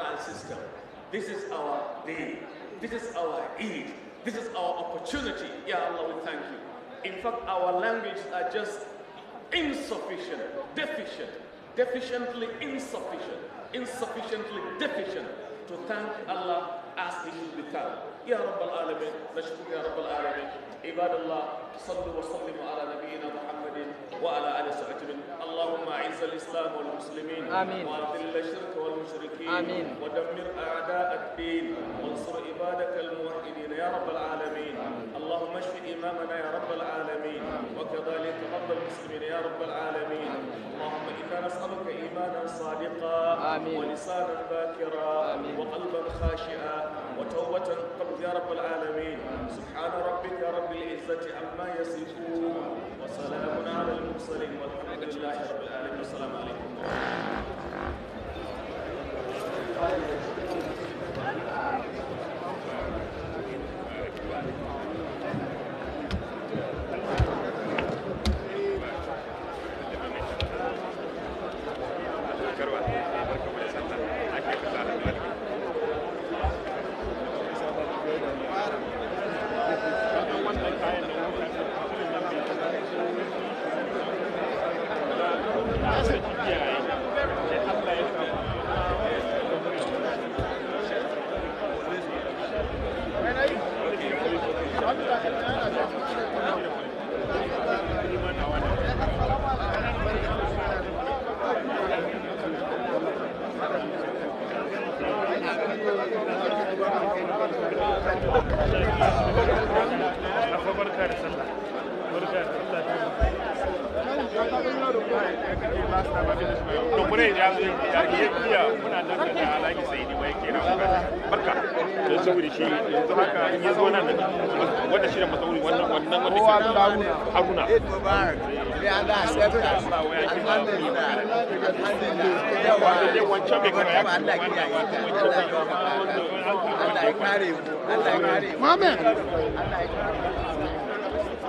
and sister. This is our day. This is our Eid. This is our opportunity. Ya Allah, we thank you. In fact, our languages are just insufficient, deficient, deficiently insufficient, insufficiently deficient to thank Allah as He should be thanked. يا رب العالمين نشكر يا رب العالمين عباد الله صلوا وسلموا على نبينا محمد وعلى آل سعد اللهم أعز الإسلام والمسلمين آمين وأذل الشرك والمشركين آمين ودمر أعداء الدين وانصر عبادك الموحدين يا رب العالمين اللهم اشف إمامنا يا رب العالمين وكذلك رب المسلمين يا رب العالمين اللهم إنا نسألك إيمانا صادقا آمين ولسانا باكرا آمين وقلبا خاشعا وتوبة قبل يا رب العالمين سبحان ربك رب العزة عما يصفون وسلام على المرسلين والحمد لله رب العالمين والسلام عليكم ورحمه الله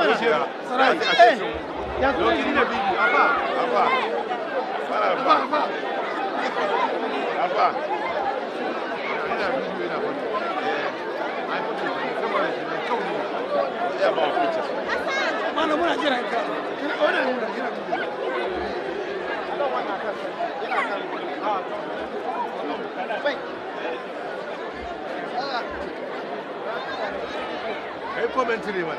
mana sarai euh, eh ya kuma yi ne bibi afa afa afa afa afa ina bibi ina fata eh ai fata kuma ne kyau ne ya ba ku ce mana muna jira ka kana wannan ne jira ku Allah wannan kan yana kan ah bai Hey, commentary, man.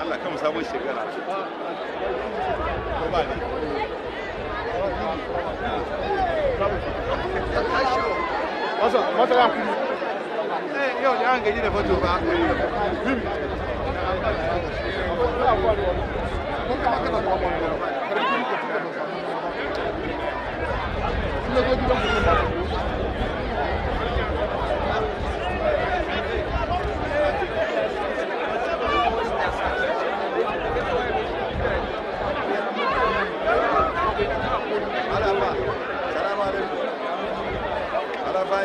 Allah kama sabon shekara masara eh, yau da an gaji da fato ba Thank you.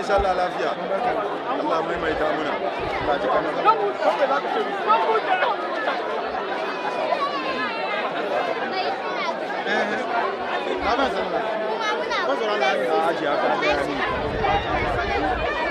insha Allah lafiya Allah maimaita muna Allah ji kana eh, eh. Kuma muna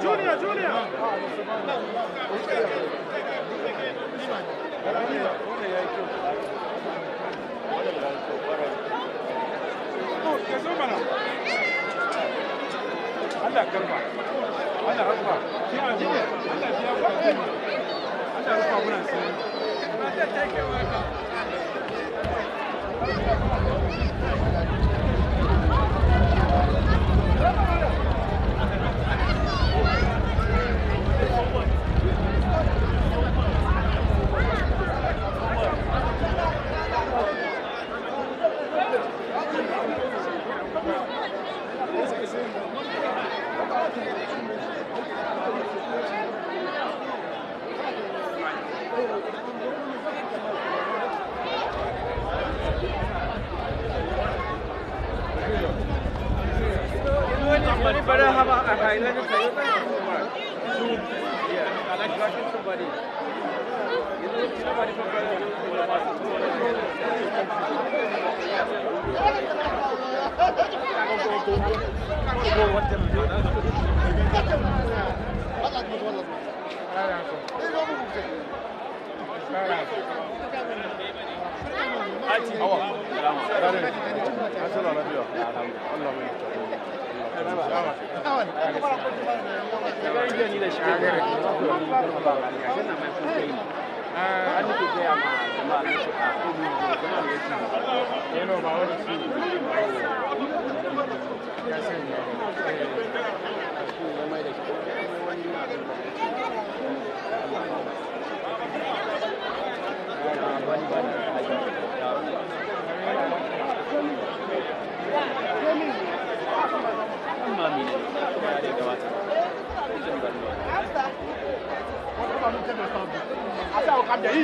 Junior, Junior. Allah Yeah.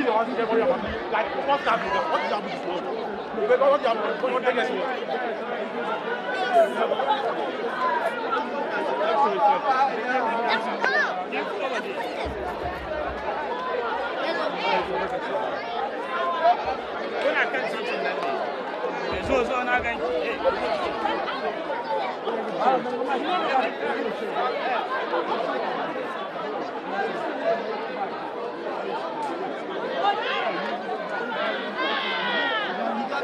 Like, what can What is happening to What is What is Thank you.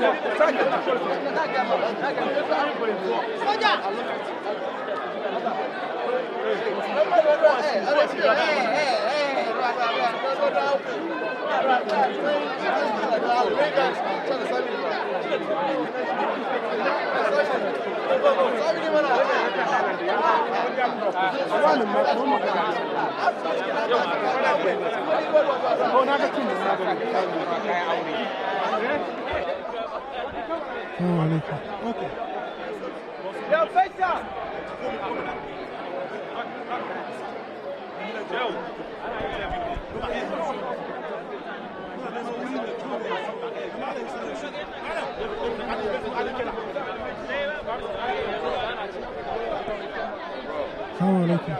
Ko na Assalamu alaikum. Okay. Ja, Fächer! السلام ع ل e ك م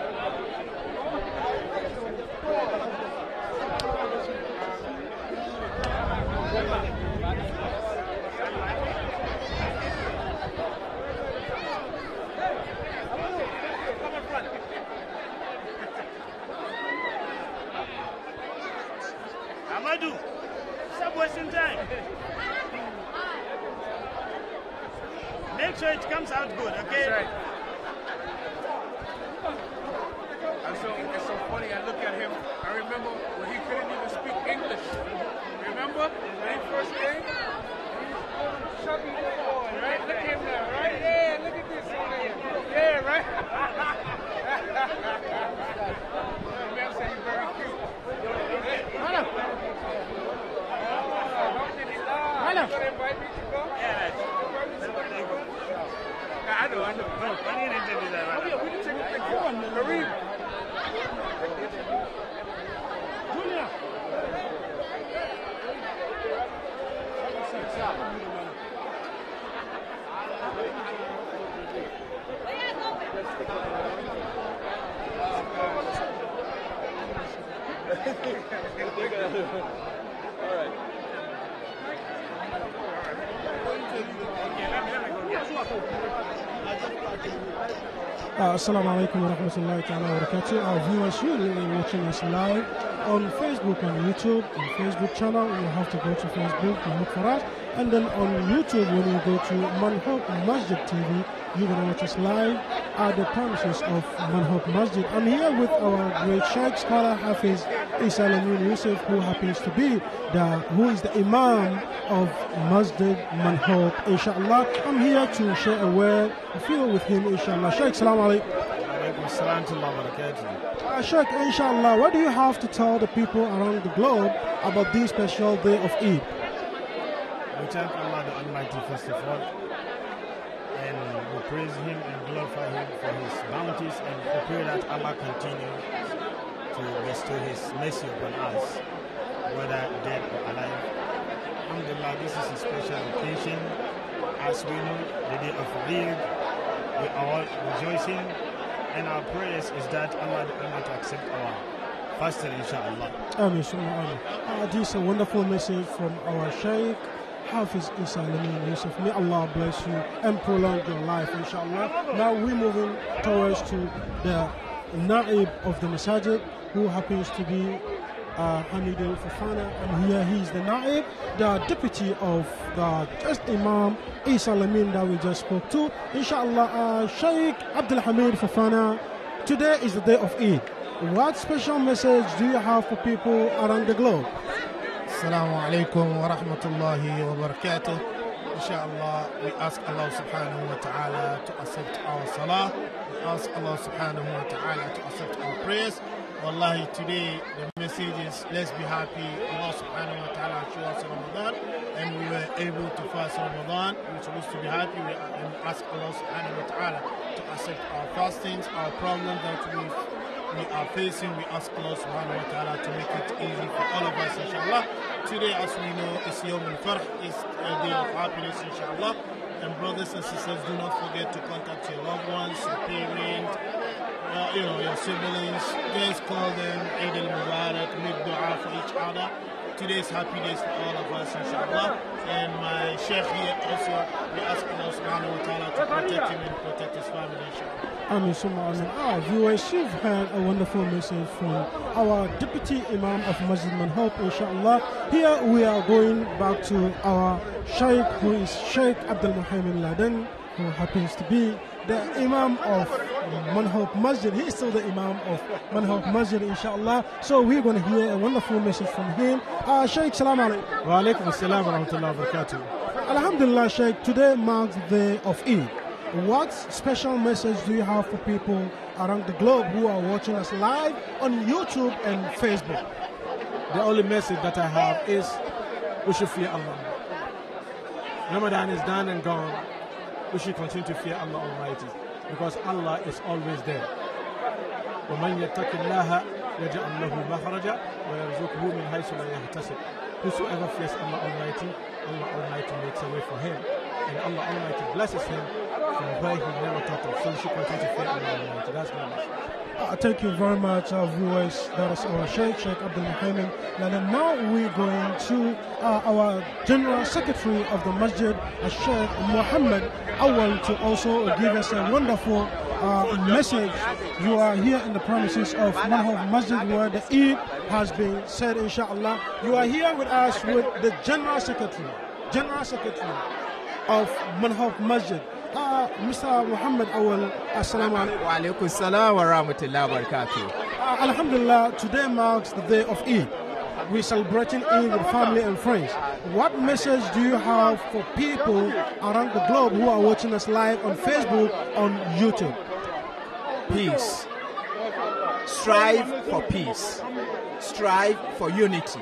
All right. Uh, assalamu alaikum wa rahmatullahi ta'ala wa barakatuh. Our viewers, you are watching us live on Facebook and YouTube. On Facebook channel, you have to go to Facebook and look for us. And then on YouTube, when you go to Manhub Masjid TV, you can watch us live are the promises of Manhok Masjid. I'm here with our great Sheikh scholar Hafiz Isa Lamin Yusuf, who happens to be the who is the Imam of Masjid Manhok. Inshallah, I'm here to share a word, a feel with him. Inshallah, Sheikh, salam alaikum. Uh, Sheikh, inshallah, what do you have to tell the people around the globe about this special day of Eid? We thank Allah the Almighty first of all and we praise Him and glorify Him for His bounties, and we pray that Allah continue to bestow His mercy upon us, whether dead or alive. Alhamdulillah, this is a special occasion. As we know, the day of Eid, we are all rejoicing, and our prayers is that Allah the accept our fasting, inshallah. Amen. Amen. Uh, this is a wonderful message from our Shaykh. Hafiz Isa Min Yusuf. May Allah bless you and prolong your life, inshallah. Now we're moving towards to the Naib of the Masajid, who happens to be uh, Hamidul Fafana, and here he is the Naib, the deputy of the just Imam Isa Min that we just spoke to. Inshallah, uh, Sheikh Abdul Hamid Fafana, today is the day of Eid. What special message do you have for people around the globe? عليكم ورحمة wa rahmatullahi wa barakatuh. الله we ask Allah سبحانه وتعالى to accept our salah. We ask Allah سبحانه وتعالى to accept our prayers. Wallahi, today the message is let's be happy. Allah سبحانه وتعالى ta'ala us Ramadan and we were able to fast Ramadan. We're supposed to be happy we, and ask Allah سبحانه وتعالى to accept our fastings, our problems that we we are facing. We ask Allah subhanahu wa ta'ala to make it easy for all of us, inshallah. Today, as we know, is Yom al-Farh, is a day of happiness, inshallah. And brothers and sisters, do not forget to contact your loved ones, your parents, uh, you know, your siblings. Just call them Eid al-Mubarak, make dua for each other today's happy days for all of us, inshallah. And my sheikh here also, we ask Allah subhanahu wa ta'ala to protect him and protect his family, inshallah. Amin, summa amin. Our ah, viewers, you've heard a wonderful message from our deputy imam of Masjid Manhope, inshallah. Here we are going back to our sheikh, who is Sheikh Abdul Muhammad Laden, who happens to be the Imam of Manhope Masjid. He still the Imam of Manhope Masjid, inshallah. So we're going to hear a wonderful message from him. Uh, Sheikh, salam alaikum. Wa alaikum salam wa rahmatullahi wa barakatuh. Alhamdulillah, Sheikh, today marks the day of Eid. What special message do you have for people around the globe who are watching us live on YouTube and Facebook? The only message that I have is we should fear Allah. Ramadan is done and gone we should continue to fear Allah Almighty because Allah is always there. وَمَنْ يَتَّقِ اللَّهَ يَجْعَلْ لَهُ مَخْرَجًا وَيَرْزُقْهُ مِنْ حَيْثُ لَا يَحْتَسِبُ Whosoever fears Allah Almighty, Allah Almighty makes a way for him and Allah Almighty blesses him from where he never thought of. So we should continue to fear Allah Almighty. That's my message. Uh, thank you very much, our uh, viewers. That is our Sheikh, Sheikh Abdul Muhammad. And now we're going to uh, our General Secretary of the Masjid, uh, Sheikh Muhammad Awal, to also give us a wonderful uh, message. You are here in the premises of Mahov Masjid where the Eid has been said, inshallah. You are here with us with the General Secretary. General Secretary of Manhaf Masjid. Uh, Mr. Muhammad Awal, assalamu alaikum. Wa alaikum salam wa rahmatullahi wa barakatuh. Uh, alhamdulillah, today marks the day of Eid. We're celebrating Eid with family and friends. What message do you have for people around the globe who are watching us live on Facebook, on YouTube? Peace. Strive for peace. Strive for unity.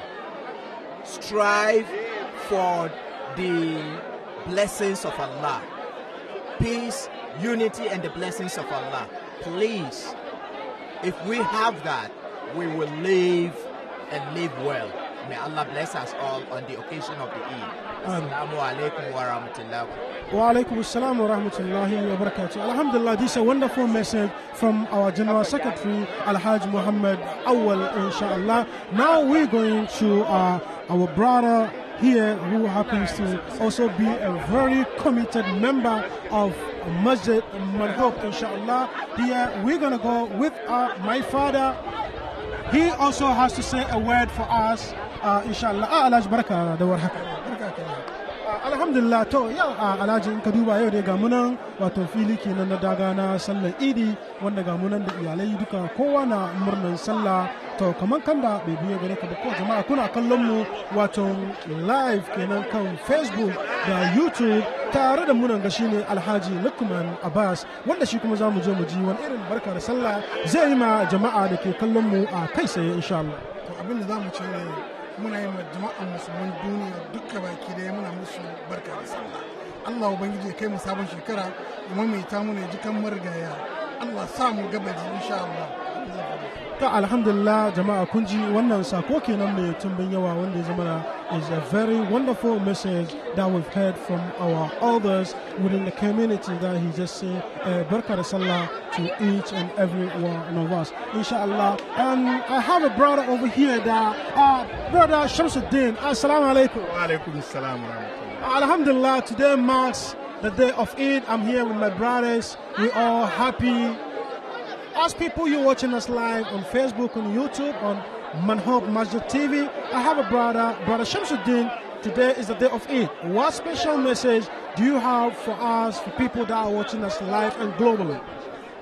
Strive for the blessings of Allah. Peace, unity, and the blessings of Allah. Please, if we have that, we will live and live well. May Allah bless us all on the occasion of the Eid. Assalamu alaikum wa rahmatullahi wa alaikum assalam wa rahmatullahi wa barakatuh. Alhamdulillah, this is a wonderful message from our General Secretary, Al-Hajj Muhammad Awal, inshallah. Now we're going to uh, our brother, here who happens to also be a very committed member of Masjid Manhope, inshallah. Here we're going to go with our, my father. He also has to say a word for us, uh, inshallah. Ah, Alaj Baraka, da warhaka. Uh, alhamdulillah to yau uh, a in ka duba yau dai ga fili kenan na idi wanda ga munan da iyalai duka kowa na murnan to kamar kan da bai biyo gare ka ba ko jama'a kuna kallon mu wato live kenan kan facebook da youtube tare da munan ga ne alhaji lukman abbas wanda shi kuma zamu je mu ji wani irin barka da sallah zai yi ma jama'a da ke kallon mu a kai sai insha Allah to abin da zamu ce ne muna yi ma jama'a musulman duniya duka baki da muna musu barka da sallah Allah ubangiji ya kai mu sabon shekara mu mai ta mu ne jikan marigaya Allah sa mu gabaji insha Allah to alhamdulillah jama'a kun ji wannan sako kenan mai tumbin yawa wanda ya zama is a very wonderful message that we've heard from our elders within the community that he just said uh, eh, barka sallah to each and every one of us inshallah and i have a brother over here that uh, brother shamsuddin assalamu alaikum wa alaikum assalam alhamdulillah today marks the day of eid i'm here with my brothers we are happy as people, you're watching us live on Facebook, on YouTube, on Manhub Masjid TV. I have a brother, Brother Shamsuddin. Today is the day of Eid. What special message do you have for us, for people that are watching us live and globally?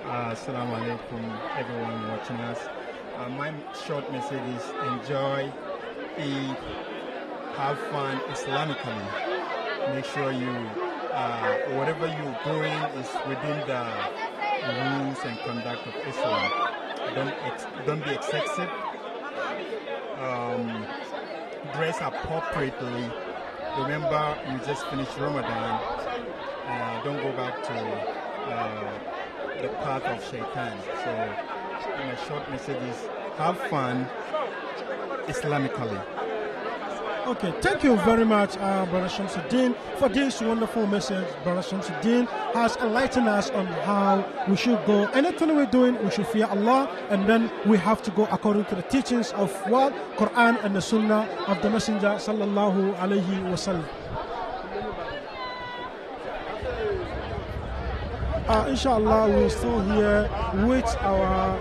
Uh, Assalamu alaikum, everyone watching us. Uh, my short message is enjoy, eat, have fun Islamically. Make sure you, uh, whatever you're doing is within the rules and conduct of Islam. Don't, ex- don't be excessive. Um, dress appropriately. Remember, you just finished Ramadan. Uh, don't go back to uh, the path of shaitan. So, my short message is have fun Islamically. Okay, thank you very much, uh, Brother Shamsuddin, for this wonderful message. Brother Shamsuddin has enlightened us on how we should go. Anything we're doing, we should fear Allah, and then we have to go according to the teachings of what Quran and the Sunnah of the Messenger, sallallahu alaihi wasallam. Uh, inshallah, we're still here with our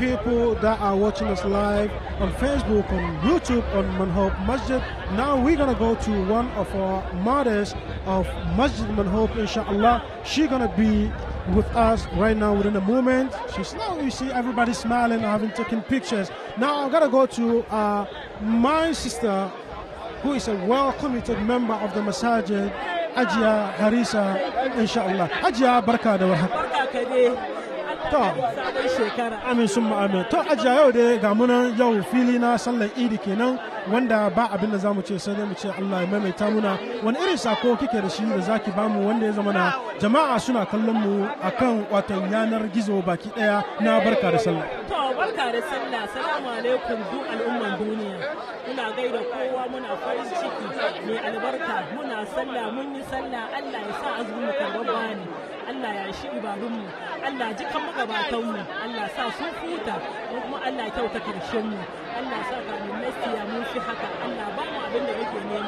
people that are watching us live on Facebook, on YouTube, on Manhope Masjid. Now we're gonna go to one of our mothers of Masjid Manhope, inshallah. She's gonna be with us right now within a moment. She's now you see everybody smiling, having taken pictures. Now I gotta go to uh, my sister, who is a well-committed member of the Masjid Ajia Harisa, inshallah. Ajia, baraka da to shekara amin ma'amin to ajiya yau dai ga munan yau fili na sallar idi kenan wanda ba abin da za mu ce sai dai mu ce Allah ya maimaita muna wani irin sako kike da shi da zaki ba mu wanda ya zama na jama'a suna kallon mu akan watan yanar gizo baki daya na barka da sallah to barka da sallah assalamu alaikum duk al'umman duniya muna gaida kowa muna farin ciki mai albarka muna sallah mun yi sallah Allah ya sa mu karbabba ne Allah ya shi ibadunmu Allah ji kan magabatanmu Allah sa su futa kuma Allah kyauta karshen mu Allah sa ka mu nasiya mun shi haka Allah ba mu abin da yake nema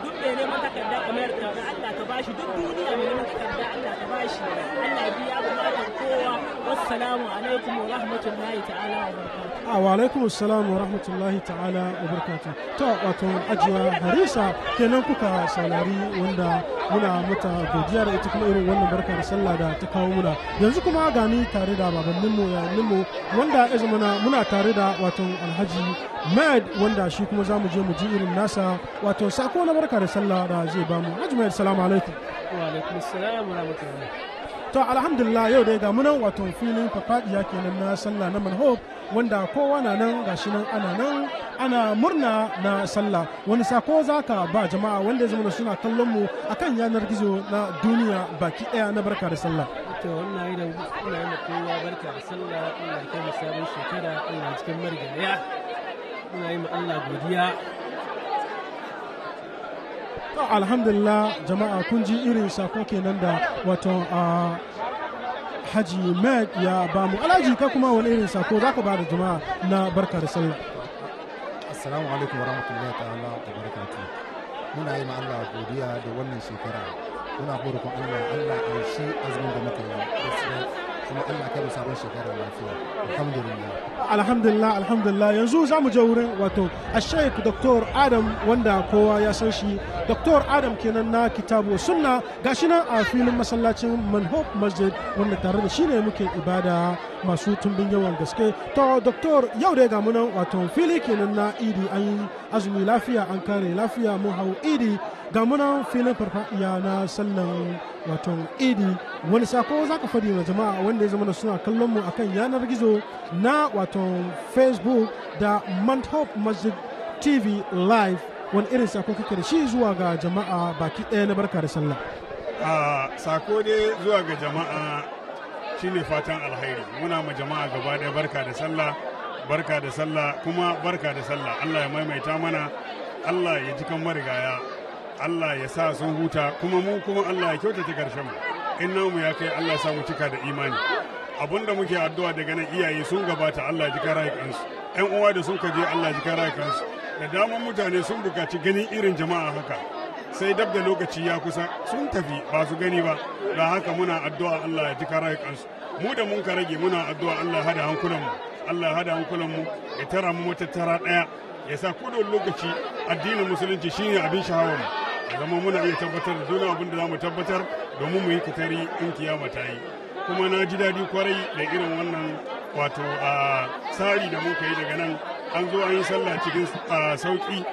duk da neman takarda kamar da Allah ka bashi duk duniya mai neman takarda Allah ka bashi Allah biya mu kowa wassalamu alaikum wa rahmatullahi ta'ala wa barakatuh a ah, wa alaikum assalam wa rahmatullahi ta'ala wa barakatuh to wato ajiya harisa kenan kuka saurari wanda muna mata godiya da ita kuma irin wannan barka da sallah da ta kawo muna yanzu kuma gani tare da babanninmu yayanninmu wanda ya zama muna tare da wato alhaji Med wanda shi kuma za mu je mu ji irin nasa wato sako na barka da sallah da zai bamu hajji mad salamu alaikum wa alaikum assalam wa rahmatullahi to alhamdulillah yau dai ga munan wato filin fafadiya kenan na sallah na manhob wanda kowa na nan gashi nan ana nan ana murna na sallah wani sako zaka ba jama'a wanda zama suna kallon mu akan yanar gizo na duniya baki daya na barka da sallah to wannan idan kuna yi kowa barka da sallah ina kai sabon shekara ina cikin marigaya ina yi mu Allah godiya alhamdulillah jama'a kun ji irin sako kenan da wato a haji med ya bamu alhaji ka kuma wani irin sako za ka ba da jama'a na barka da sallah assalamu alaikum wa rahmatullahi ta'ala wa barakatuh muna yi ma Allah godiya da wannan shekara muna burkun Allah Allah ya shi azumin da muka yi kuma Allah kai mu sabon shekarar lafiya alhamdulillah alhamdulillah alhamdulillah yanzu za mu je wurin wato ashaik dr adam wanda kowa ya san shi dr adam kenan na kitabu sunna gashi nan a filin masallacin manhob masjid wanda tare da shi ne muke ibada masu tumbin yawan gaske to doktor yau dai ga munan wato fili kenan na idi an azumi lafiya an kare lafiya mu hau idi ga muna filin farfadiya na sallan wato idi wani sako za ka faɗi wa jama'a wanda ya zama da suna kallon mu akan yanar gizo na wato facebook da mount hope masjid tv live wani irin sako kake da shi zuwa ga jama'a baki ɗaya na barka da sallah a sako dai zuwa ga jama'a shine fatan alhairi muna ma jama'a gaba ɗaya barka da sallah barka da sallah kuma barka da sallah allah ya maimaita mana allah ya ji kan marigaya Allah ya sa sun huta kuma mu kuma Allah ya kyautata karshen mu in namu ya kai Allah sa mu cika da imani abun da muke addu'a daga nan iyaye sun gabata Allah ji kara kansu ƴan uwa da sun kaje Allah ji kara kansu da daman mutane sun bukaci ganin irin jama'a haka sai dab da lokaci ya kusa sun tafi ba su gani ba da haka muna addu'a Allah ya ji kara kansu mu da mun ka rage muna addu'a Allah ya hada hankulan mu Allah hada hankulan mu ya tara mu tara daya ya sa kudin lokaci addinin musulunci shine abin sha'awar mu zama muna iya tabbatar da dole abin da za mu tabbatar domin mu yi kitari in kiyama ta yi kuma na ji daɗi kwarai da irin wannan wato a tsari da muka yi daga nan an zo an yi sallah cikin sauƙi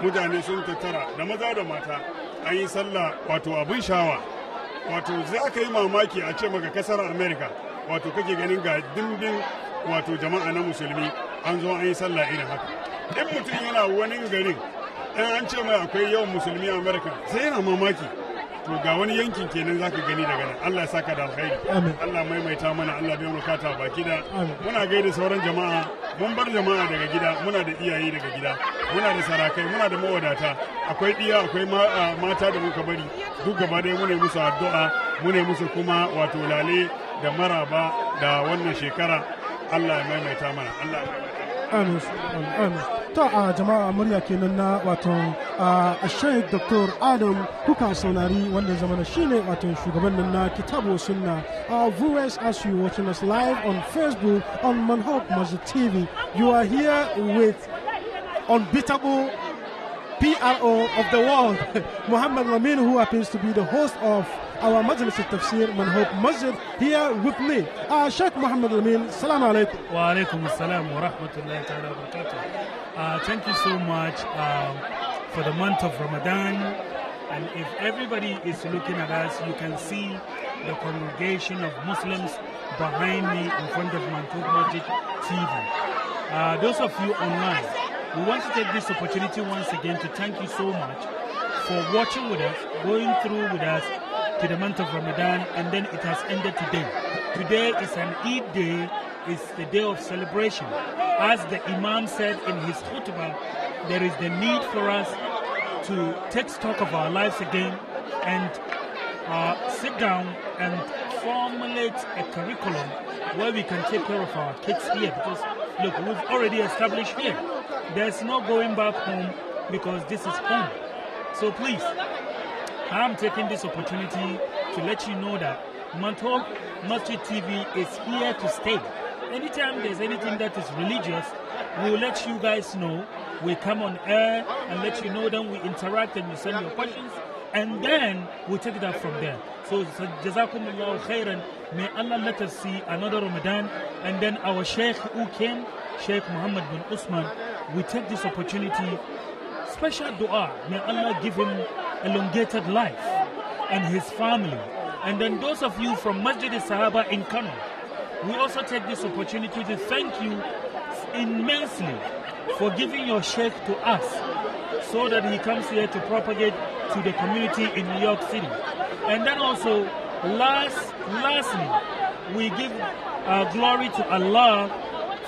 mutane sun tattara da maza da mata an yi sallah wato abin shawa wato za ka yi mamaki a ce maka kasar america wato kake ganin ga dimbin wato jama'a na musulmi an zo an yi sallah irin haka in mutum yana wani garin in eh, an ce mai akwai yawan musulmi a amurka sai yana mamaki to ga wani yankin kenan ka gani daga nan Allah ya saka da alkhairi Allah maimaita mana Allah bai mu kata baki da muna gaida sauran jama'a mun bar jama'a daga gida muna da iyaye daga gida muna da sarakai muna da mawadata akwai ɗiya akwai mata da muka bari duk gaba dai mune musu addu'a mune musu kuma wato lale da maraba da wannan shekara Allah ya maimaita mana Allah ya maimaita amin amin to a jama'a murya kenan na wato a shaid dr adam kuka saurari wanda zamana shine wato shugaban nan na kitabo sunna our viewers as you watching us live on facebook on manhawk Masjid tv you are here with unbeatable pro of the world muhammad lamin who happens to be the host of our Majlis al-Tafsir Manhope Masjid here with me, uh, Sheikh Muhammad Amin. salaam alaikum. Wa alaikum assalam wa rahmatullahi ta'ala wa barakatuh. thank you so much um, for the month of Ramadan. And if everybody is looking at us, you can see the congregation of Muslims behind me in front of Manhope Masjid TV. Uh, those of you online, we want to take this opportunity once again to thank you so much for watching with us, going through with us, to the month of Ramadan and then it has ended today. Today is an Eid day, it's the day of celebration. As the Imam said in his khutbah, there is the need for us to take stock of our lives again and uh, sit down and formulate a curriculum where we can take care of our kids here because look we've already established here there's no going back home because this is home so please I'm taking this opportunity to let you know that Mantok Masjid TV is here to stay. Anytime there's anything that is religious, we'll let you guys know. We come on air and let you know. Then we interact and you send your questions. And then we take it up from there. So, so Jazakumullah khairan. May Allah let us see another Ramadan. And then our Sheikh who came, Sheikh Muhammad bin Usman, we take this opportunity. Special dua. May Allah give him elongated life and his family. And then those of you from Masjid Sahaba in Kano, we also take this opportunity to thank you immensely for giving your sheikh to us so that he comes here to propagate to the community in New York City. And then also, last, lastly, we give glory to Allah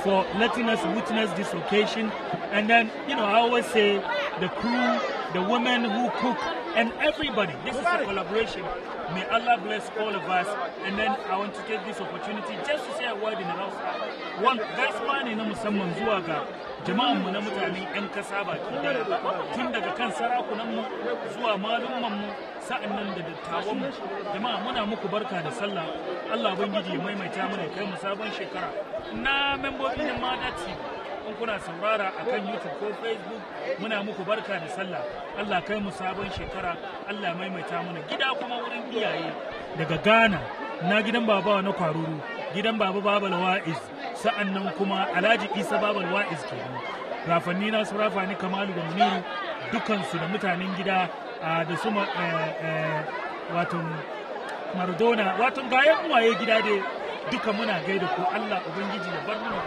for letting us witness this occasion. And then, you know, I always say the crew, the women who cook and everybody. This is a collaboration. May Allah bless all of us. And then I want to take this opportunity just to say a word in the house. One, gaisuwa ne na musamman zuwa ga jama'anmu na mutane 'yan kasa baki tun daga kan sarakunanmu zuwa malummanmu nan da dattawanmu jama'a muna muku barka da sallah Allah ubangiji ya maimaita mana kai mu sabon shekara na membobin mata TV in kuna saurara a kan YouTube ko Facebook muna muku barka da sallah. Allah kai mu sabon shekara, Allah maimaita mana gida kuma wurin iyaye daga Ghana na gidan baba na kwaruru, gidan baba babal wa'iz, sa'an kuma Alhaji Isa babal wa'iz ke Rafanni na su rafani Kamalu da Muniru dukansu da mutanen gida da su eh, eh, watan Mardona watan gayan uwaye gida dai duka muna gaida ko Allah Ubangiji ya bar mana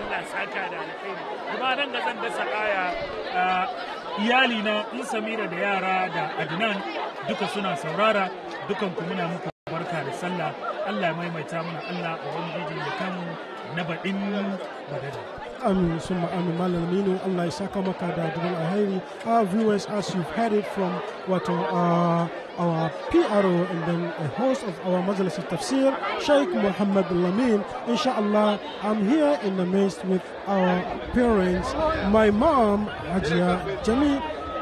Allah saka da alkhairi kuma nan ga zan dasa aya iyali na in Samira da yara da Adnan duka suna saurara dukan ku muna muku barka da sallah Allah ya maimaita mana Allah ubangiji da kanmu na baɗin badada Amin Summa Amin Malamino, Allah Isakamaka Dadwal Ahiri, our viewers, as you've heard it from what uh, our PRO and then a host of our Majlis of Tafsir, Sheikh Muhammad Lamin. Inshallah, I'm here in the midst with our parents, my mom, Hajia Jami.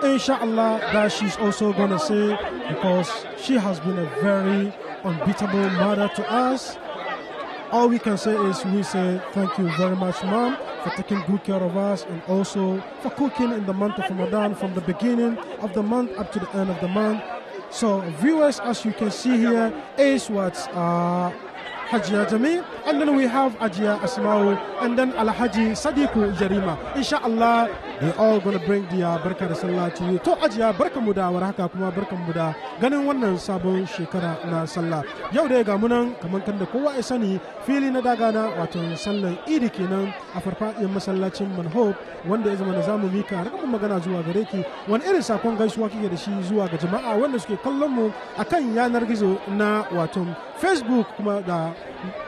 Inshallah, that she's also going to say because she has been a very unbeatable mother to us all we can say is we say thank you very much mom for taking good care of us and also for cooking in the month of Ramadan from the beginning of the month up to the end of the month. So viewers, as you can see here, is what uh, Hajia Jamil and then we have Ajia Asmau, and then Alhaji Sadiku Jarima. Inshallah, they all gonna bring the barka sallah to you. To Ajiya barka mu da haka kuma barka mu da ganin wannan sabon shekara na sallah. Yau dai ga munan kamar da kowa ya sani fili na dagana wato sallan idi kenan a farfadiyar masallacin Manhope wanda ya zama na zamu mika rakam magana zuwa gare ki wani irin sakon gaisuwa kike da shi zuwa ga jama'a wanda suke kallon mu akan yanar gizo na wato Facebook kuma da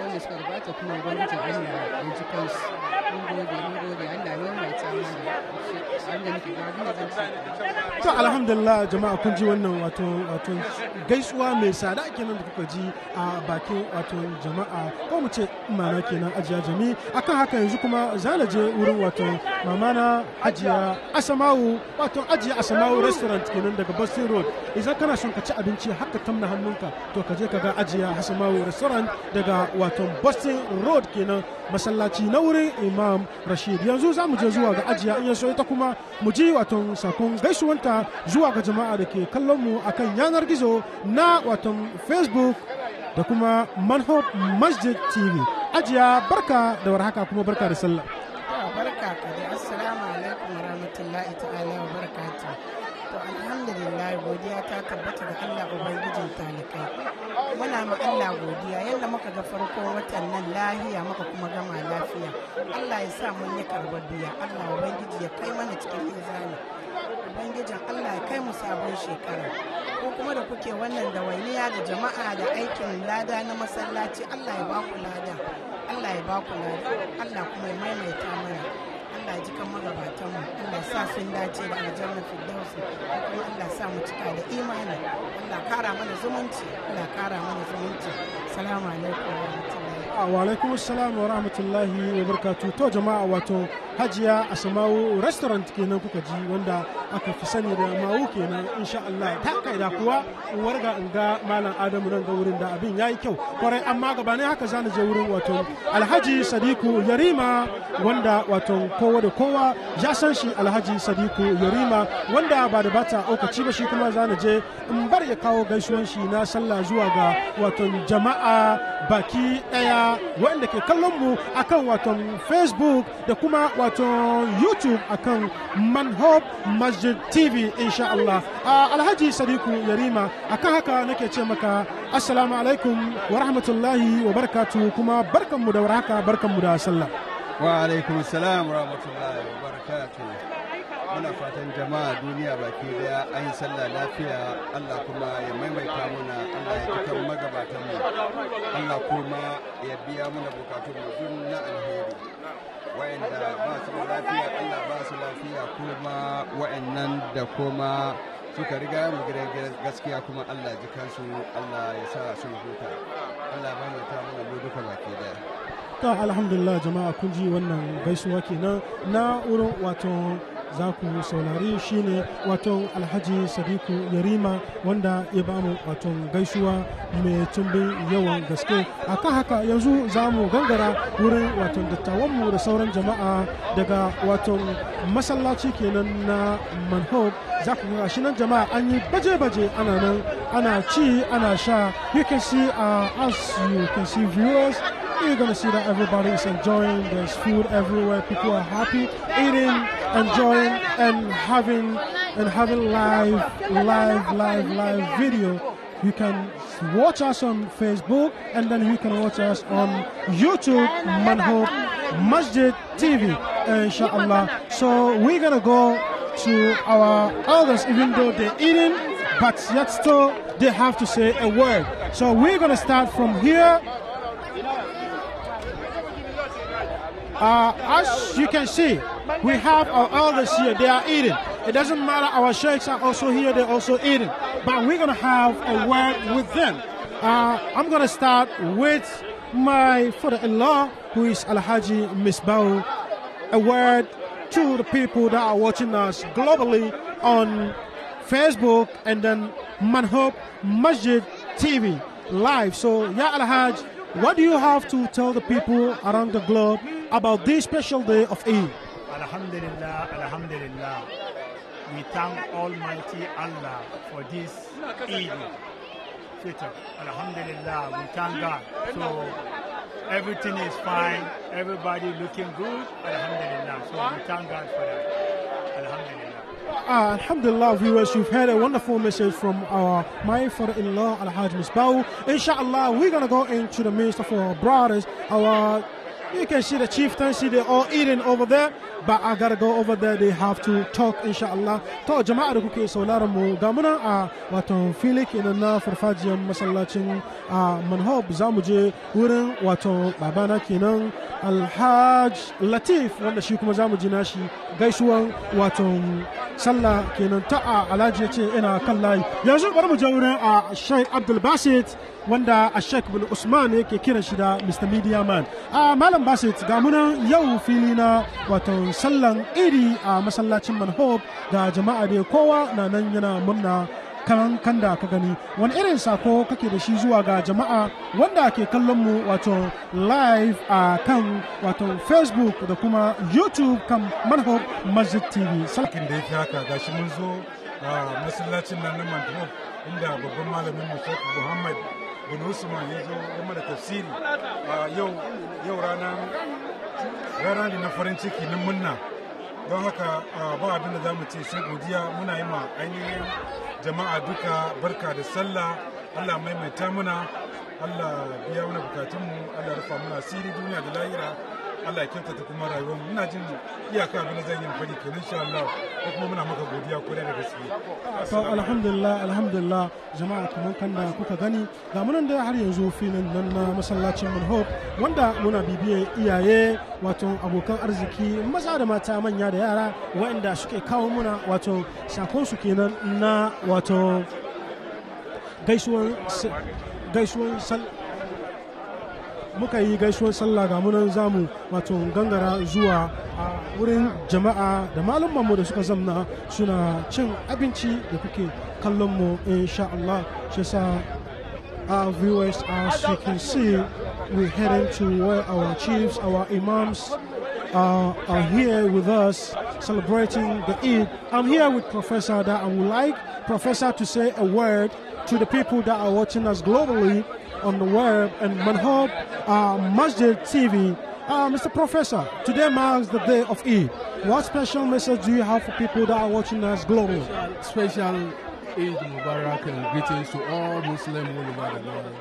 wanda kuma gwamnatin gode gode mai da wanda ga abin da zan ce to alhamdulillah jama'a kun ji wannan wato wato gaisuwa mai sada kenan da kuka ji a bakin wato jama'a ko mu ce mana kenan ajiya jami akan haka yanzu kuma zana je wurin wato mamana ajiya asamawu wato ajiya asamawu restaurant kenan daga Boston Road idan kana son ka ci abinci haka tamna hannunka to ka je ka ga ajiya asamawu restaurant daga wato Boston Road kenan masallaci na wurin Imam Rashid yanzu za mu je zuwa ga ajiya in so ita kuma mu ji wato sakon gaisuwanta zuwa ga jama'a da ke kallon mu akan yanar gizo na wato Facebook da kuma Manhop Masjid TV ajiya barka da warhaka kuma barka da sallah ah, barka ka da assalamu alaikum warahmatullahi ta'ala wa barakatuh to alhamdulillah godiya ta tabbata lahiya maka kuma gama lafiya Allah ya sa mun yi biya Allah ubangiji ya kai mana cikin mizani ubangijin Allah ya kai mu sabon shekara ko kuma da kuke wannan dawainiya da jama'a da aikin lada na masallaci Allah ya ba ku lada Allah ya ba ku lada Allah kuma ya maimaita mana Allah ji kan magabatan mu Allah sa sun dace da aljanna firdausi kuma Allah sa mu cika da imani Allah kara mana zumunci Allah kara mana zumunci salamu alaikum wa rahmatullahi alaikum salam wa rahmatullahi wa barkatu to jama'a wato hajiya a samawu restaurant kenan kuka ji wanda aka fi sani da mawu kenan insha Allah ta kaida kuwa in warga in ga malam Adamu nan ga wurin da abin yayi kyau kwarai amma gabanin haka zan je wurin wato Alhaji Sadiku Yarima wanda wato kowa da kowa ya san shi Alhaji Sadiku Yarima wanda ba da bata okaci ba shi kuma zan je in bar ya kawo gaisuwan shi na sallah zuwa ga wato jama'a baki daya wanda waɗanda ke kallon mu akan wato facebook da kuma wato youtube akan manhop masjid tv insha Allah alhaji sadiku yarima akan haka nake ce maka assalamu alaikum wa rahmatullahi wa barakatu kuma barkanmu da warhaka barkanmu da sallah wa alaikum salam wa rahmatullahi wa barakatuh muna fatan jama'a duniya baki daya an yi sallah lafiya allah kuma ya maimaita muna allah ya fitar magabatan mu allah kuma ya biya muna bukatun mu na alheri wa'anda ba su lafiya allah ba su lafiya kuma wa'annan da kuma suka riga mu gaskiya kuma Allah ji kansu Allah ya sa su huta Allah ba mu mu duka baki da to alhamdulillah jama'a kun ji wannan gaisuwa kenan na wurin wato za ku saurari shine waton alhaji sadiku yarima wanda ya bamu waton gaisuwa mai cimbin yawan gaske A kan haka yanzu za mu gangara wurin waton mu da sauran jama'a daga waton masallaci kenan na manhob za ku ga shi nan jama'a an yi baje-baje ana nan ana ci ana sha you can see uh, as you can see viewers you're going to see that everybody is enjoying. There's food everywhere. People are happy, eating, enjoying, and having and having live, live, live, live video. You can watch us on Facebook, and then you can watch us on YouTube, Manhole, Masjid TV, inshallah. So we're going to go to our elders, even though they're eating, but yet still they have to say a word. So we're going to start from here. Uh, as you can see, we have our elders here. They are eating. It doesn't matter. Our sheikhs are also here. They're also eating. But we're going to have a word with them. Uh, I'm going to start with my father-in-law, who is Al Hajj Misbau. A word to the people that are watching us globally on Facebook and then Manhope Masjid TV live. So, Ya Hajj, what do you have to tell the people around the globe about this special day of Eid? Alhamdulillah, Alhamdulillah. We thank Almighty Allah for this Eid Fitr. Alhamdulillah, we thank God. So everything is fine, everybody looking good. Alhamdulillah. So we thank God for that. Alhamdulillah. Uh, alhamdulillah, viewers, you've heard a wonderful message from our my father-in-law, al Inshallah, we're going to go into the midst of our brothers, our You can see the see they all eating over there. But I gotta go over there, they have to talk, inshallah. To jama'a da kuke sauraron mu ga a wato fili kenan na farfajiyar masallacin a manhob za mu je wurin wato babana kenan Alhaj Latif wanda shi kuma za mu ji nashi gaisuwan wato sallah kenan ta a Alhaji ya ce ina kan layi. Yanzu bari mu je wurin a Sheikh Abdul Basit wanda a sheik bin usman yake kira shi da mr media man a malam basit ga munan yau fili na wato sallan iri a masallacin manhob da jama'a da kowa na nan yana murna kan kan da ka gani wani irin sako kake da shi zuwa ga jama'a wanda ke kallon mu wato live a kan wato facebook da kuma youtube kan manhob masjid tv sakin da yake haka gashi mun zo masallacin nan na manhob inda babban malamin mu Muhammad bin usman ya zo ya mana tafsiri yau yau ranar rana ne na farin ciki na munna don haka ba abin da za mu ce sai godiya muna yi ma ainihin jama'a duka barka da sallah allah maimaita muna allah biya mana bukatunmu allah rufa muna siri duniya da lahira allah ya kyautata kuma rayuwarmu muna jin iyaka abin da zan yi fadi kenan sha allah kuma muna maka godiya ko da gaske to alhamdulillah alhamdulillah jama'a kamar kanda kuka gani ga munan da har yanzu filin nan na masallacin manhob wanda muna bibiyar iyaye wato abokan arziki maza da mata manya da yara waɗanda suke kawo muna wato sakon su kenan na wato gaisuwan gaisuwan muka yi gaisuwar sallah ga munan zamu wato gangara zuwa a wurin jama'a da malumanmu da suka zamna suna cin abinci da kuke kallon mu insha Allah shi sa our uh, viewers as you can see we're heading to where our chiefs our imams are, uh, are here with us celebrating the Eid. I'm here with Professor that I would like Professor to say a word to the people that are watching us globally on the web and Manhab uh, Masjid TV. Uh, Mr. Professor, today marks the day of Eid. What special message do you have for people that are watching us globally? Special, Eid Mubarak and greetings to all Muslims all over the world.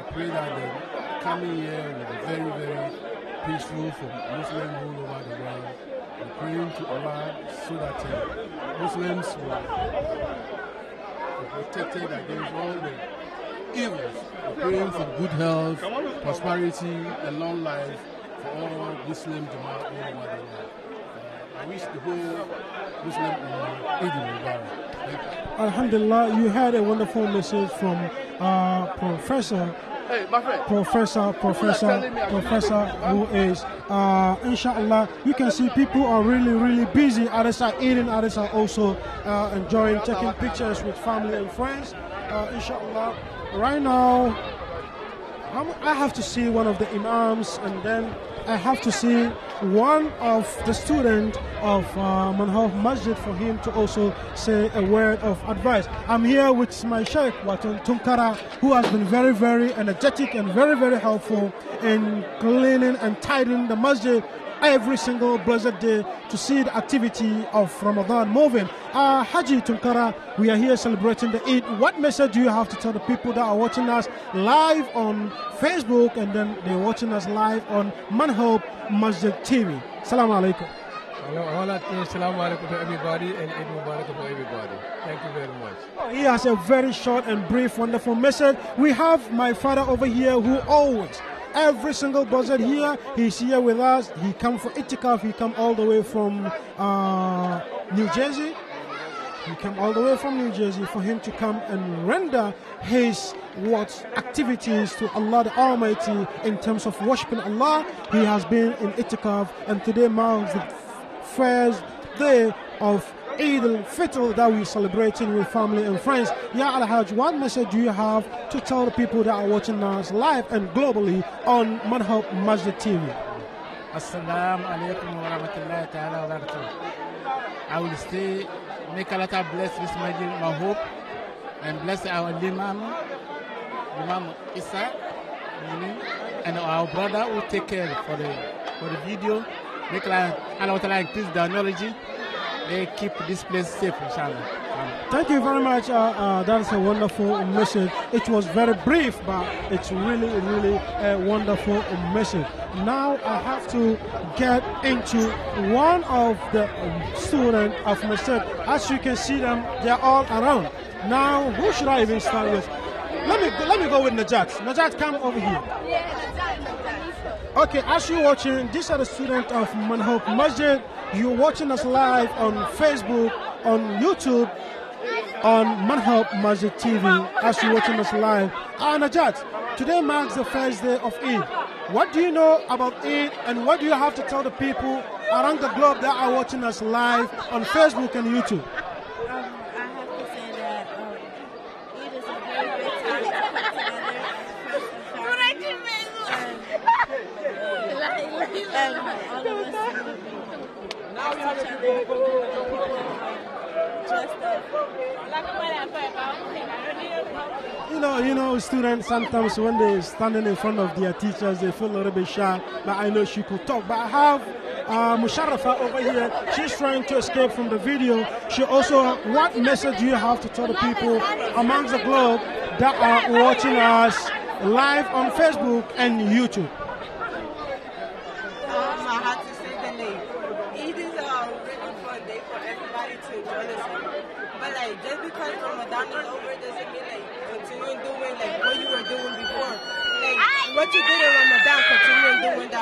I pray that the coming year will be very, very peaceful for Muslims all over the world. We praying to Allah so that uh, Muslims will be protected against all the evils praying for good health, prosperity, a long life for all Muslim Jama'at all over the world. Uh, I wish the whole Muslim Ummah Eid Mubarak. Alhamdulillah, you had a wonderful message from Professor Hey, professor, professor, professor, who is, uh, inshallah, you can see people are really, really busy. Others are eating, others are also uh, enjoying taking pictures with family and friends. Uh, inshallah, right now, I have to see one of the imams, and then I have to see one of the student of uh, Manhaf Masjid for him to also say a word of advice. I'm here with my Sheikh Watun Tunkara, who has been very, very energetic and very, very helpful in cleaning and tidying the masjid every single blessed day to see the activity of Ramadan moving. Uh, Haji Tunkara, we are here celebrating the Eid. What message do you have to tell the people that are watching us live on Facebook and then they're watching us live on Manhope Masjid TV? Assalamu alaikum. Hello, Assalamu alaikum to everybody and Eid Mubarak to everybody. Thank you very much. Oh, he has a very short and brief, wonderful message. We have my father over here who always every single buzzard here. He's here with us. He come from Itikaf. He come all the way from uh, New Jersey. He came all the way from New Jersey for him to come and render his what activities to Allah the Almighty in terms of worshiping Allah. He has been in Itikaf and today marks the first day of Eid al-Fitr that we're celebrating with family and friends. Ya Al-Hajj, what message do you have to tell the people that are watching us live and globally on Manhub Majid TV? Assalamu alaikum wa rahmatullahi ta'ala wa barakatuh. I will stay. make Allah bless this Majid my hope, and bless our Imam, Imam Isa, and our brother who take care for the, for the video. Make Allah, Allah increase the knowledge they keep this place safe, inshallah. Thank you very much. Uh, uh, that's a wonderful message. It was very brief, but it's really, really a wonderful message. Now I have to get into one of the students of Masjid. As you can see them, they're all around. Now, who should I even start with? Let me, let me go with Najat. Najat, come over here. Okay, as you're watching, these are the students of Manhope Masjid. You're watching us live on Facebook, on YouTube, on Manhope Masjid TV, as you're watching us live. Anajat, ah, today marks the first day of Eid. What do you know about Eid, and what do you have to tell the people around the globe that are watching us live on Facebook and YouTube? Um, now we have you know, you know, students sometimes when they're standing in front of their teachers, they feel a little bit shy. But I know she could talk. But I have uh, over here. She's trying to escape from the video. She also, what message do you have to tell the people amongst the globe that are watching us live on Facebook and YouTube?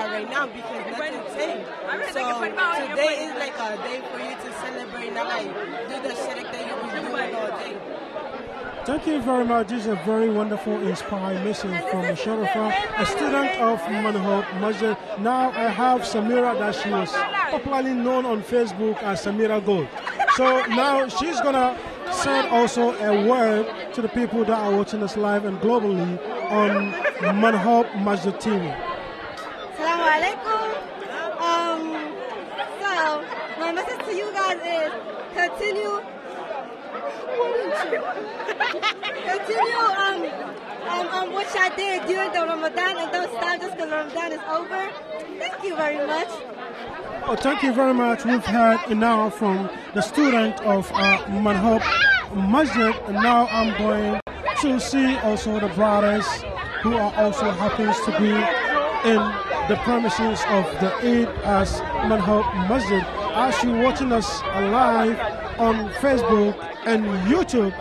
are right now because nothing's safe. So today is like a day for you to celebrate, not like do the shit that you've been doing all day. Thank you very much. This is a very wonderful, inspiring message from Sharifa, a student of Manhood Masjid. Now I have Samira that she was popularly known on Facebook as Samira Gold. So now she's gonna send also a word to the people that are watching us live and globally on Manhood Masjid TV. Assalamu alaikum. Um, so, my message to you guys is continue. continue um, um, um, what I did during the Ramadan and don't stop just because Ramadan is over. Thank you very much. Oh, thank you very much. We've heard now from the student of uh, Manhub Masjid. And now I'm going to see also the brothers who are also happens to be in the premises of the Eid as Manhab Masjid. As you're watching us live on Facebook and YouTube,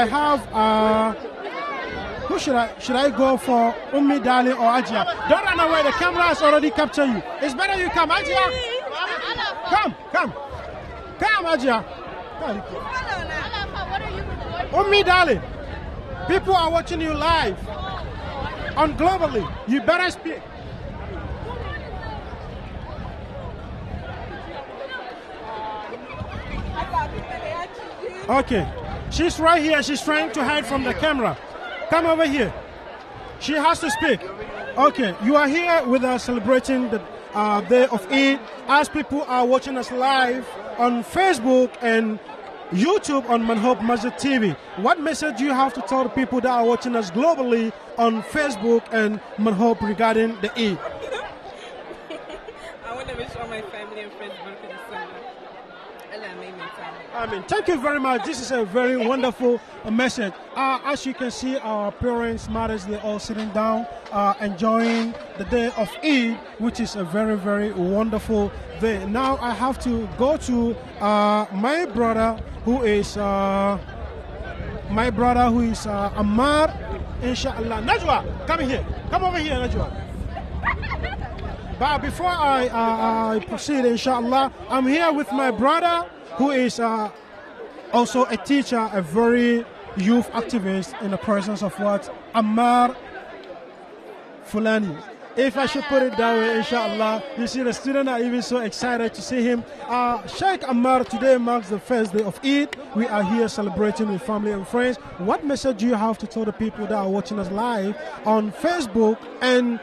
I have uh, who should I should I go for Umi Dali or Ajia? Don't run away, the camera has already captured you. It's better you come, Ajia. Come, come. Come, Ajia. Come. Dali, people are watching you live on globally. You better speak. Okay. She's right here. She's trying to hide from the camera. Come over here. She has to speak. Okay. You are here with us celebrating the uh, Day of Eid as people are watching us live on Facebook and YouTube on Manhope Masjid TV. What message do you have to tell the people that are watching us globally on Facebook and Manhope regarding the Eid? I want to wish all my family and friends birthday I mean, thank you very much. This is a very wonderful uh, message. Uh, as you can see, our parents, mothers, they're all sitting down, uh, enjoying the day of Eid, which is a very, very wonderful day. Now I have to go to uh, my brother, who is uh, my brother, who is uh, Ammar. Inshallah, Najwa, come here. Come over here, Najwa. But before I, I proceed, inshallah, I'm here with my brother who is uh, also a teacher, a very youth activist in the presence of what? Ammar Fulani. If I should put it that way, inshallah, you see the students are even so excited to see him. Uh, Sheikh Ammar, today marks the first day of Eid. We are here celebrating with family and friends. What message do you have to tell the people that are watching us live on Facebook and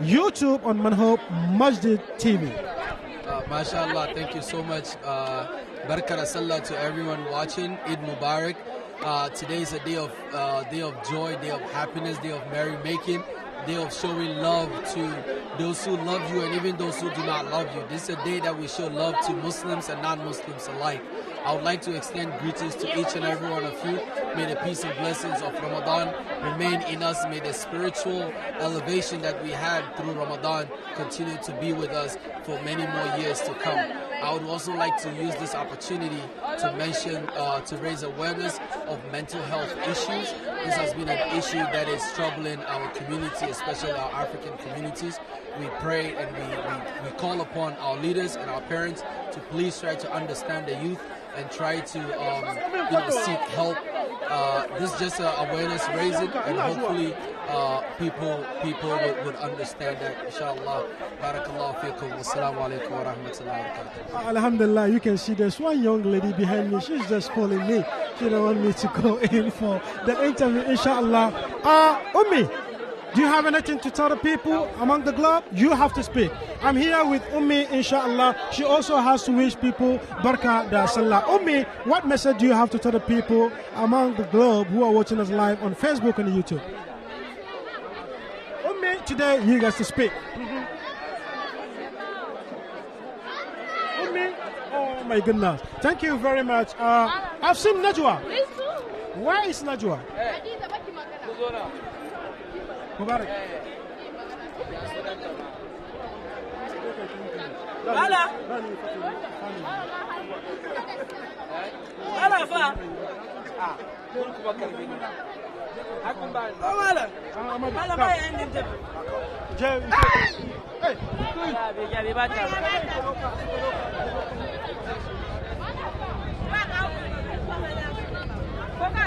YouTube on Manhope Majid TV? Uh, mashallah, thank you so much. Uh, Barakah to everyone watching. Eid Mubarak. Uh, today is a day of uh, day of joy, day of happiness, day of merrymaking, day of showing love to those who love you and even those who do not love you. This is a day that we show love to Muslims and non-Muslims alike. I would like to extend greetings to each and every one of you. May the peace and blessings of Ramadan remain in us. May the spiritual elevation that we had through Ramadan continue to be with us for many more years to come. I would also like to use this opportunity to mention, uh, to raise awareness of mental health issues. This has been an issue that is troubling our community, especially our African communities. We pray and we, we, we call upon our leaders and our parents to please try to understand the youth and try to um, you know, seek help. Uh, this is just awareness raising, and hopefully uh, people people would, would, understand that. Inshallah. Barakallahu fikum. Wassalamu alaikum wa uh, Alhamdulillah, you can see there's one young lady behind me. She's just calling me. She don't want me to go in for the interview, inshallah. Uh, Umi, do you have anything to tell the people among the globe? You have to speak. I'm here with Umi, inshallah. She also has to wish people Barka da Salah. Umi, what message do you have to tell the people among the globe who are watching us live on Facebook and YouTube? Umi, today you guys to speak. Umi, oh my goodness. Thank you very much. Uh, I've seen Najwa. Where is Najwa? Mubarak. Bala. Bala fa. Ah, kun kuma karbi. Hakun ba. Oh bala. Bala ba yan din tafi. Je. Eh. Ya be ya be ba ta. Ba ka. Ba ka.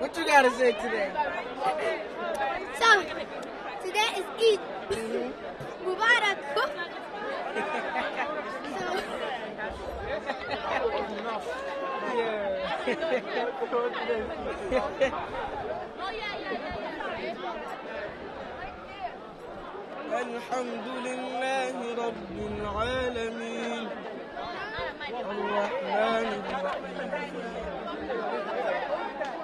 What you gotta say today? So, today is Eid. Mm-hmm. Mubarak. so, الحمد لله رب العالمين الرحمن الرحيم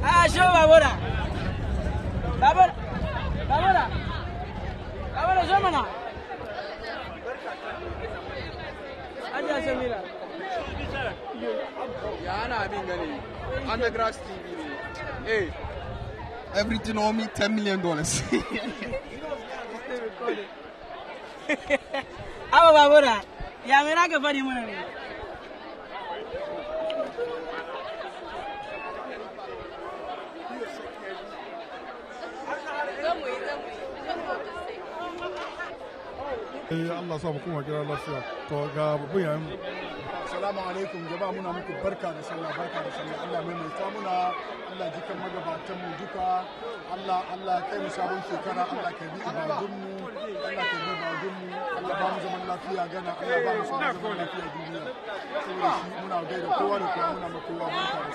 Ah, Ayo, babora. Babora. Babora. Babora, yo mana. Aja Samira. Ya na abin gani. Underground TV Hey. Everything on me 10 million dollars. Aba babura, ya mera ka fari mana Eh, Allah sa mu kuma gida lafiya to ga buyan Assalamu alaikum jama'a muna muku barka da sallah barka da sallah Allah mai mai muna Allah jikan magabatan mu duka Allah Allah kai mu sabon shekara Allah ka bi ibadun mu Allah ka bi ibadun mu Allah ba mu zaman lafiya gana Allah ba mu zaman lafiya duniya saboda shi muna gaida kowa da kowa muna ma kowa barka da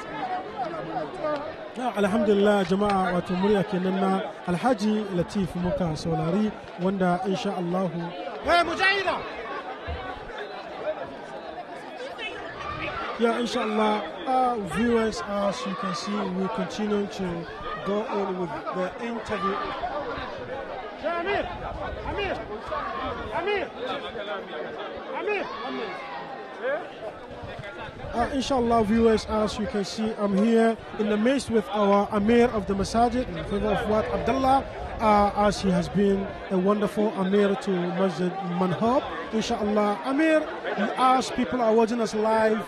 sallah alhamdulillah jama'a wato murya kenan na Alhaji Latif muka saurari wanda insha Allah. Hey, mujahida! yeah inshallah our viewers as you can see we continue to go in with the interview Amir, Amir, Amir, Amir, Amir. Uh, inshallah, viewers, as you can see, I'm here in the midst with our Amir of the Masajid, in favor of what Abdullah, uh, as he has been a wonderful Amir to Masjid Manhab. Inshallah, Amir, as people are watching us live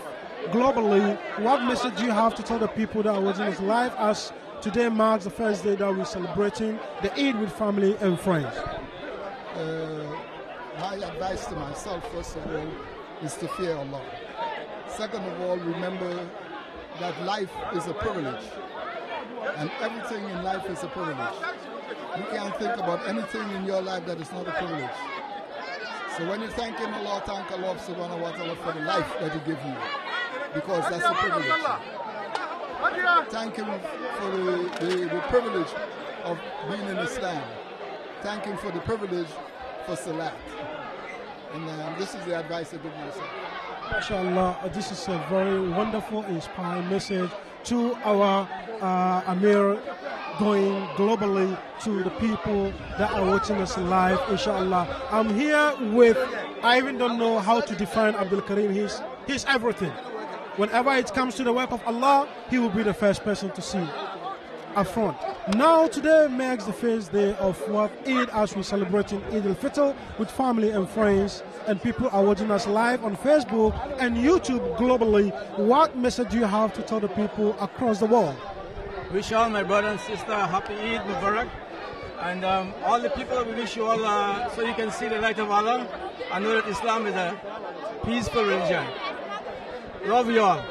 globally, what message do you have to tell the people that are watching this live as today marks the first day that we're celebrating the Eid with family and friends? Uh, my advice to myself, first of all, is to fear Allah. Second of all, remember that life is a privilege. And everything in life is a privilege. You can't think about anything in your life that is not a privilege. So when you thank Him, Allah, thank Allah subhanahu wa ta'ala for the life that He gave you because that's a privilege. Thank him for the, the, the privilege of being in Islam. Thank him for the privilege for Salat. And um, this is the advice I give myself. MashaAllah, uh, this is a very wonderful, inspiring message to our uh, Amir going globally to the people that are watching us live, inshallah. I'm here with, I even don't know how to define Abdul Karim. He's, he's everything whenever it comes to the work of Allah, he will be the first person to see affront. Now, today marks the first day of what Eid as we're celebrating Eid al Fitr with family and friends, and people are watching us live on Facebook and YouTube globally. What message do you have to tell the people across the world? Wish all my brother and sister happy Eid Mubarak. And um, all the people, we wish you all uh, so you can see the light of Allah I know that Islam is a peaceful religion. Love you all.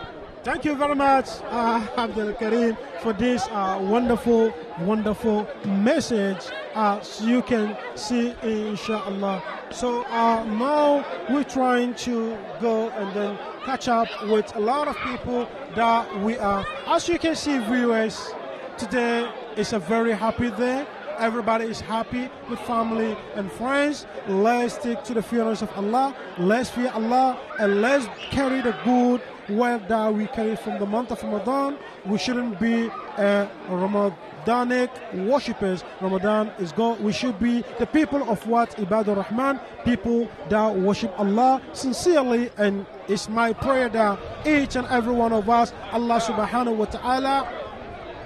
Thank you very much, uh, Abdul Karim, for this uh, wonderful, wonderful message. As uh, you can see, inshallah. So uh, now we're trying to go and then catch up with a lot of people that we are. As you can see, viewers, today is a very happy day. Everybody is happy with family and friends. Let's stick to the fears of Allah. Let's fear Allah and let's carry the good word that we carry from the month of Ramadan. We shouldn't be a uh, Ramadanic worshippers. Ramadan is God. We should be the people of what Ibadur Rahman, people that worship Allah sincerely. And it's my prayer that each and every one of us, Allah subhanahu wa ta'ala,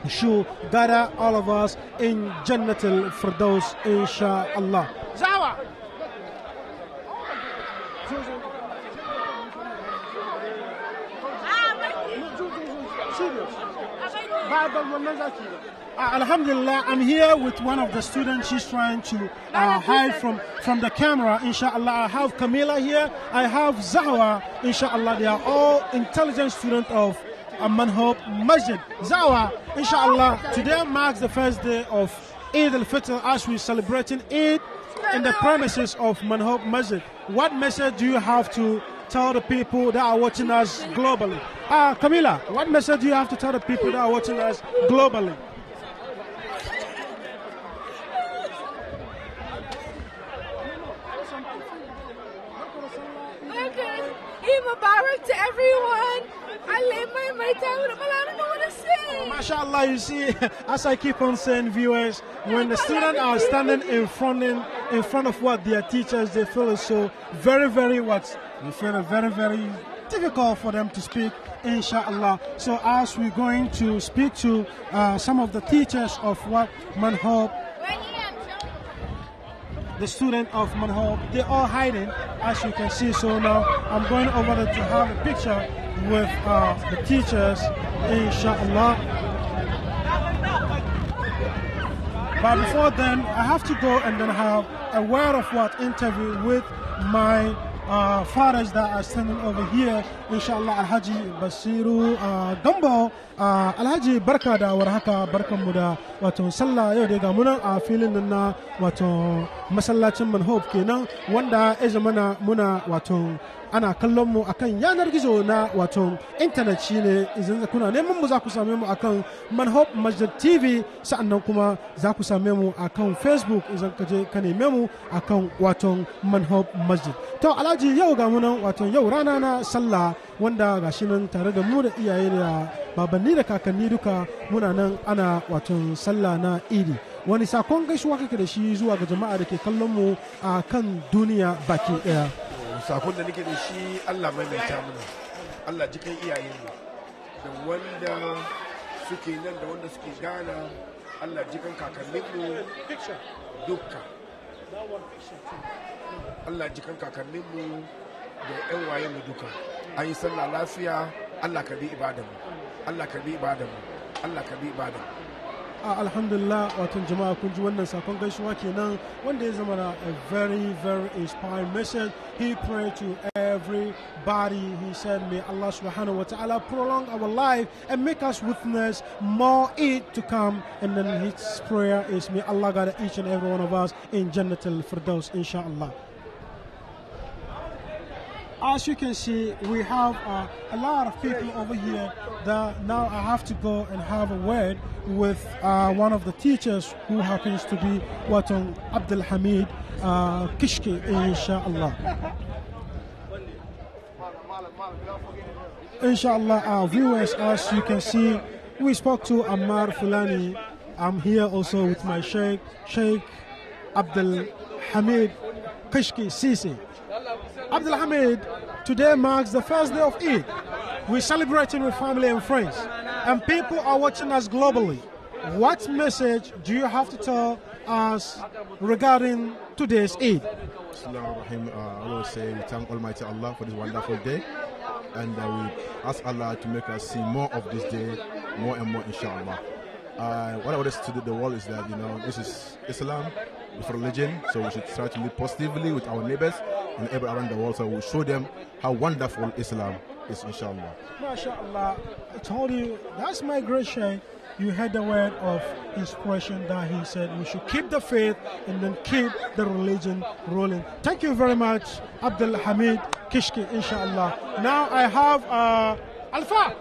شو that all of us in جنة الفردوس إن شاء الله زعوة Uh, Alhamdulillah, I'm here with one of the students. She's trying to uh, hide from, from the camera, inshallah. I have Camila here. I have Zahwa, inshallah. They are all intelligent students of and Hope Masjid. Zawa, inshallah, today marks the first day of Eid al-Fitr as we're celebrating Eid in the premises of Manhope Masjid. What message do you have to tell the people that are watching us globally? Ah, uh, Camila, what message do you have to tell the people that are watching us globally? Okay, Mubarak to everyone. I my, but I don't know what to say. Oh, mashallah, you see, as I keep on saying, viewers, when the students are standing in front in, in front of what their teachers, they feel so very, very what they feel very, very difficult for them to speak inshallah so as we're going to speak to uh, some of the teachers of what manhob the student of manhob they're all hiding as you can see so now i'm going over to have a picture with uh, the teachers, inshallah. But before then, I have to go and then have a word of what interview with my uh, fathers that are standing over here, inshallah Alhaji Basiru uh, Gambo, uh, Alhaji Barka da warhaka barkan Muda, da wato sallah yau dai ga munan a filin Masala na wato masallacin wanda ya mana muna wato ana kallon mu akan yanar gizo na wato intanet shine idan kuna neman mu za ku same mu akan manhop majid tv sa'annan kuma za ku same mu akan facebook zan ka ka neme mu akan wato manhop majid to alhaji yau ga munan wato yau rana na sallah wanda shi nan tare da mu da iyaye da babanni da kakanni duka muna nan ana wato sallah na idi wani sakon gaisuwa kake da shi zuwa ga jama'a da ke kallon mu a kan duniya baki daya sakon da nake da shi Allah mai mai mana Allah iyayen mu da wanda suke nan da wanda suke gana Allah kakannin kakanninmu dukka Allah kakannin kakanninmu da yan mu duka an yi sallah lafiya Allah ka bi mu Allah ka bi mu Allah ka bi ibadanmu Ah, alhamdulillah watan jama'a kun ji wannan sakon gaisuwa kenan wanda ya zama a very very inspiring message he prayed to everybody he said may Allah subhanahu wa ta'ala prolong our life and make us witness more it to come and then his prayer is may Allah guide each and every one of us in Jannatul Firdaus inshallah as you can see, we have uh, a lot of people over here that now I have to go and have a word with uh, one of the teachers who happens to be Watun Abdul Hamid uh, Kishki, inshallah. Inshallah, our uh, viewers, as you can see, we spoke to Ammar Fulani. I'm here also with my sheikh, Sheikh Abdul Hamid Kishki Sisi. Abdul Hamid, today marks the first day of Eid. We're celebrating with family and friends, and people are watching us globally. What message do you have to tell us regarding today's Eid? Bismillahirrahmanirrahim. Uh, I will say we thank Almighty Allah for this wonderful day, and uh, we ask Allah to make us see more of this day, more and more, inshallah. Uh, what I to say to the world is that you know this is Islam with religion. So we should try to live positively with our neighbors and everyone around the world. So we'll show them how wonderful Islam is, inshallah. MashaAllah, I told you, that's my great You heard the word of inspiration that he said we should keep the faith and then keep the religion rolling. Thank you very much, Abdul Hamid Kishki, inshallah. Now I have uh, Alpha.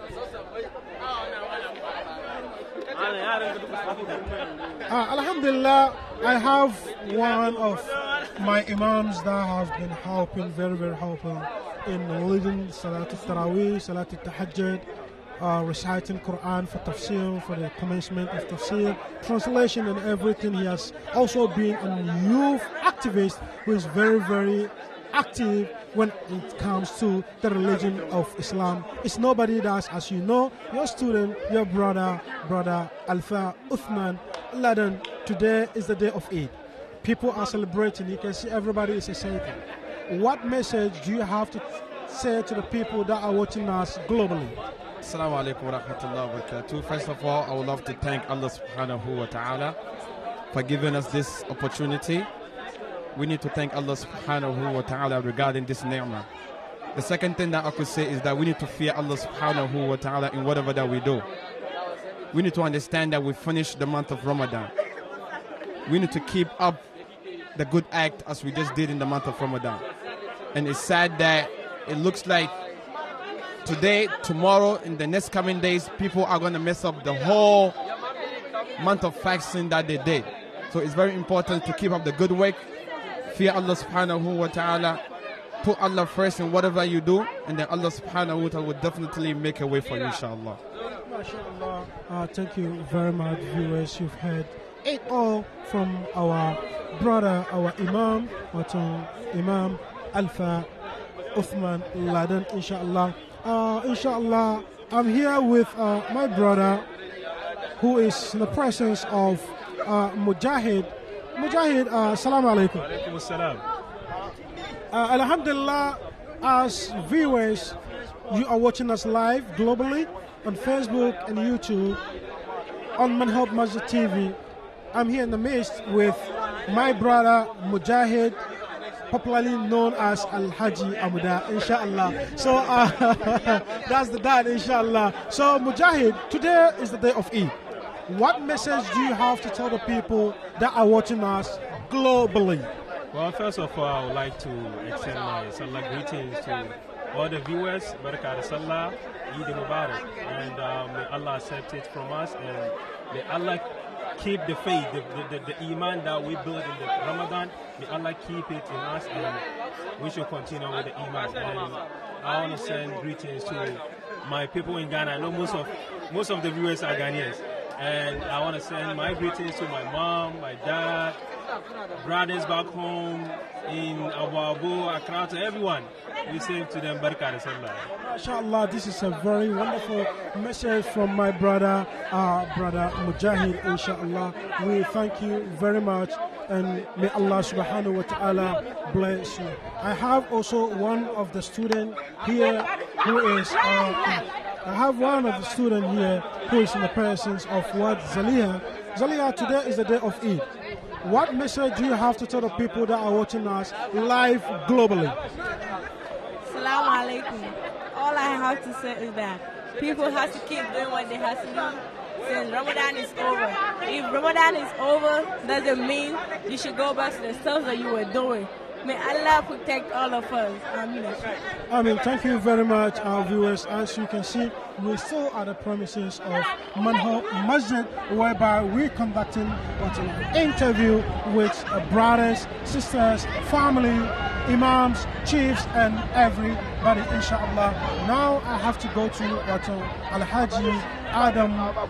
Uh, Alhamdulillah, I have one of my imams that have been helping, very, very helpful in leading Salat al-Tarawih, Salat al-Tahajjud, uh, reciting Quran for tafsir, for the commencement of tafsir, translation and everything. He has also been a youth activist who is very, very active when it comes to the religion of Islam. It's nobody that, as you know, your student, your brother, brother Alpha Uthman Laden. Today is the day of Eid. People are celebrating. You can see everybody is excited. What message do you have to say to the people that are watching us globally? Assalamu alaikum wa rahmatullahi wa barakatuh. First of all, I would love to thank Allah subhanahu wa ta'ala for giving us this opportunity we need to thank Allah subhanahu wa ta'ala regarding this ni'mah. The second thing that I could say is that we need to fear Allah subhanahu wa ta'ala in whatever that we do. We need to understand that we finished the month of Ramadan. We need to keep up the good act as we just did in the month of Ramadan. And it's sad that it looks like today, tomorrow, in the next coming days, people are going to mess up the whole month of fasting that they did. So it's very important to keep up the good work Fear Allah subhanahu wa ta'ala. Put Allah first in whatever you do, and then Allah subhanahu wa ta'ala will definitely make a way for you, inshallah. Uh, thank you very much, viewers. You've heard it all from our brother, our Imam, Imam Alpha Uthman Laden, inshallah. Uh, inshallah, I'm here with uh, my brother who is in the presence of uh, Mujahid Mujahid, uh, assalamu alaikum. Alaikum assalam. Uh, alhamdulillah, as viewers, you are watching us live globally on Facebook and YouTube on Manhub Masjid TV. I'm here in the midst with my brother Mujahid, popularly known as Al Haji Amuda, inshallah. So uh, that's the dad, inshallah. So, Mujahid, today is the day of Eid. What message do you have to tell the people that are watching us globally? Well, first of all, I would like to extend my Salah greetings to all the viewers. Barakah Salah, Eid Mubarak. And uh, may Allah accept it from us and may Allah keep the faith, the, the, the, the iman that we build in the Ramadan. May Allah keep it in us and we should continue with the iman. And I want to send greetings to my people in Ghana. I know most of, most of the viewers are Ghanaians. And I want to send my greetings to my mom, my dad, brothers back home in Abu Abu, Accra, to everyone. We say to them, Barakah Mashallah, this is a very wonderful message from my brother, our uh, brother Mujahid, inshallah. We thank you very much and may Allah subhanahu wa ta'ala bless you. I have also one of the students here who is uh, I have one of the students here who is in the presence of what Zalia. Zalia, today is the day of Eid. What message do you have to tell the people that are watching us live globally? Assalamu alaikum. All I have to say is that people have to keep doing what they have to do since Ramadan is over. If Ramadan is over, doesn't mean you should go back to the stuff that you were doing. May Allah protect all of us. Amen. I mean, thank you very much, our viewers. As you can see, we still are the premises of Manho Masjid, whereby we're conducting an interview with brothers, sisters, family, imams, chiefs, and everybody, inshallah. Now I have to go to Al Haji Adam.